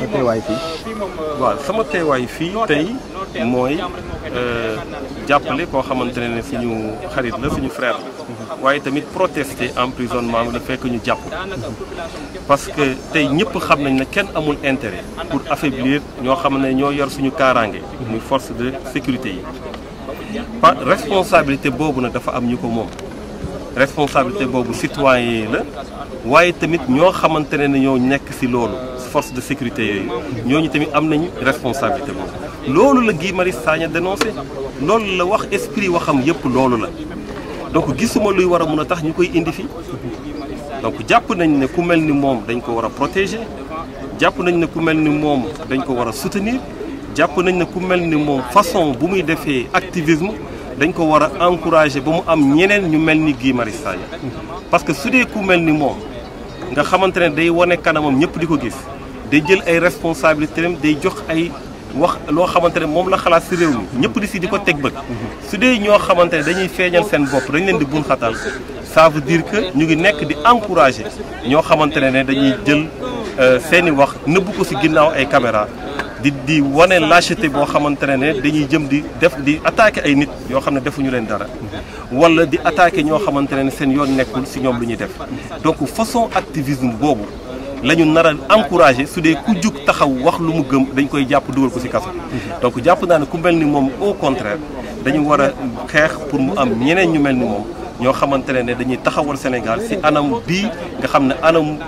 sa teewaay waaw sama teewaay fii tey mooy euh, jàppale koo xamante ne suñu xarit la suñu frère mhm. waaye tamit protester emprisonnement bi la fekk ñu jàpp. parce que tey ñëpp xam nañ ne kenn amul intérêt pour affaiblir ñoo xam ne ñoo yor suñu kaaraange. muy force de sécurité yi. par responsabilité boobu nag dafa am ñu ko moom. responsabilité boobu citoyen la waaye tamit ñoo xamante ne ñoo nekk ci loolu forces de sécurité yooyu ñooñu tamit am nañu responsabilité moom loolu la Guy Marius Sagna dénoncé loolu la wax esprit waxam yëpp loolu la donc gisuma luy war a mën a tax ñu koy indi fi donc jàpp nañ ne ku mel ni moom dañ ko war a protéger jàpp nañ ne ku mel ni moom dañ ko war a soutenir jàpp nañ ne ku mel ni moom façon bu muy defee activisme. dañ ko war a encourager ba mu am ñeneen ñu mel ni Guy Marius Sagna parce que su dee ku mel ni moom nga xamante ne day wane kanamam ñëpp di ko gis day jël ay responsabilités am day jox ay wax loo xamante ne moom la xalaat si réew mi ñëpp di si di ko teg bët. su dee ñoo xamante ne dañuy feeñal seen bopp dañ leen di bun xatal ça veut que ñu ngi nekk di encourager ñoo xamante ne dañuy jël euh, seeni wax nëbb ko si ginnaaw ay caméra di di wane lâcheté boo xamante ne dañuy jëm di def di attaquer ay nit yoo xam ne defuñu leen dara walla di attaquer ñoo xamante ne seen yoon nekkul si ñoom lu ñuy def donc façon activisme boobu. la ñu nar encouragé su dee ku jug taxaw wax lu mu gëm dañ koy jàpp dugal ko ci kaso donc jàpp naa ne ku mel ni moom au contraire dañu war a xeex pour mu am ñeneen ñu mel ni moom ñoo xamante ne dañuy taxawal Sénégal ci anam bii nga xam ne anam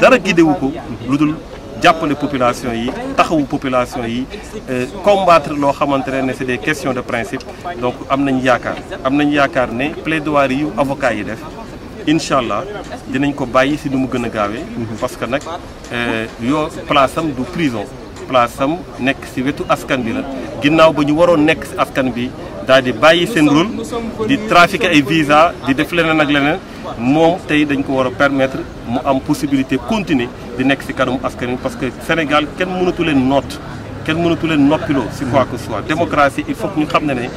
dara gidewu ko lu dul jàppale population yi taxawu population yi euh, combattre loo xamante ne c'est des question de principe donc am nañ yaakaar am nañ yaakaar ne plaidoirie yu avocat yi def incha allah dinañ ko bàyyi si nu mu gën a gaawee. parce que nag euh, yoo place am du prison place am nekk si wetu askan bi la ginnaaw ba ñu waroon nekk si askan bi daal di bàyyi seen rôle di trafiquer ay visa di def leneen ak leneen moom tey dañ ko war a permettre mu am possibilité continuer di nekk si kanamu askan bi parce que Sénégal kenn mënatu leen noot kenn mënatu leen noppiloo si quoi que soit démocratie il faut ñu xam ne ne.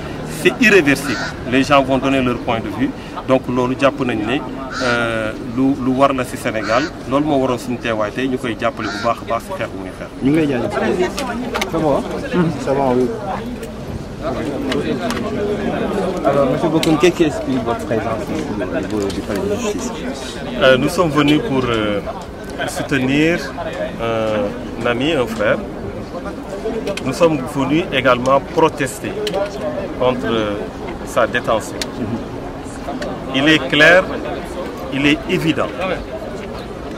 c'est irréversible les gens vont donner leur point de vue donc loolu jàpp nañu ne euh, lu lu war la ci Sénégal loolu moo waroon suñu teewaay tey ñu koy jàppale bu baax a baax ci xeex bu muy xeex. ñu ngi lay jaajëfal. c'est bon. c'est bon oui. Alors, M. Bokoum, quest pour euh, soutenir euh, un frère, Nous sommes venus également protester contre sa détention. Il est clair, il est évident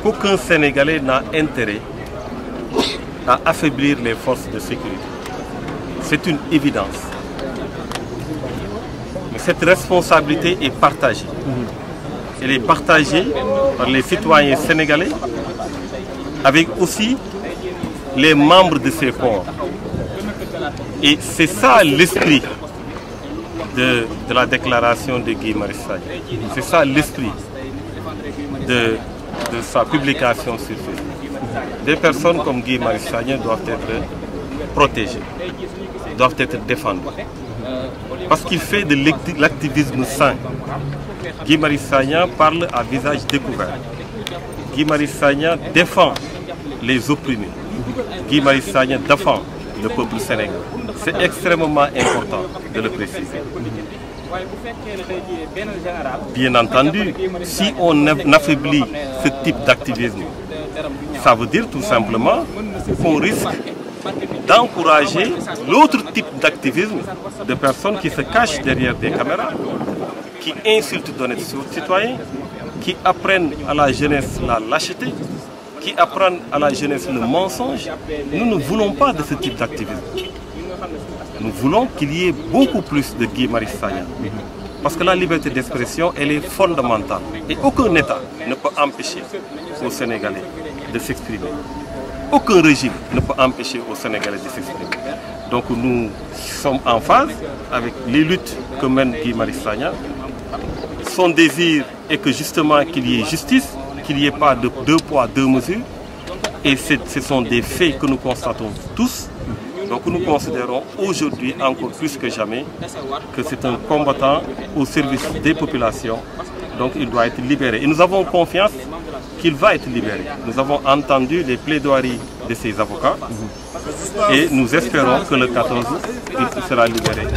qu'aucun Sénégalais n'a intérêt à affaiblir les forces de sécurité. C'est une évidence. Mais cette responsabilité est partagée. Elle est partagée par les citoyens sénégalais avec aussi les membres de ces fonds. Et c'est ça l'esprit de, la déclaration de Guy Marissal. C'est ça l'esprit de, sa publication sur Des personnes comme Guy Marissagnan doivent être protégées, doivent être défendues. Parce qu'il fait de l'activisme sain. Guy Marissagnan parle à visage découvert. Guy Marissagnan défend les opprimés. Guy Marius Sagna défend le peuple sénégalais c'est extrêmement important de le préciser bien entendu si on affaiblit ce type d'activisme ça veut dire tout simplement qu'on risque d'encourager l'autre type d'activisme de personnes qui se cachent derrière des caméras qui insultent de citoyens qui apprennent à la jeunesse la lâcheté qui apprennent à la jeunesse le mensonge, nous ne voulons pas de ce type d'activisme. Nous voulons qu'il y ait beaucoup plus de Guy Marius Sagna. Parce que la liberté d'expression, est fondamentale. Et aucun État ne peut empêcher aux Sénégalais de s'exprimer. Aucun régime ne peut empêcher aux Sénégalais de s'exprimer. Donc nous sommes en phase avec les luttes que mène Guy Son désir est que justement qu'il y ait justice, qu'il n'y ait pas de deux poids, deux mesures. Et ce sont des faits que nous constatons tous. Donc nous considérons aujourd'hui encore plus que jamais que c'est un combattant au service des populations. Donc il doit être libéré. Et nous avons confiance qu'il va être libéré. Nous avons entendu les plaidoiries de ses avocats et nous espérons que le 14 août, il sera libéré.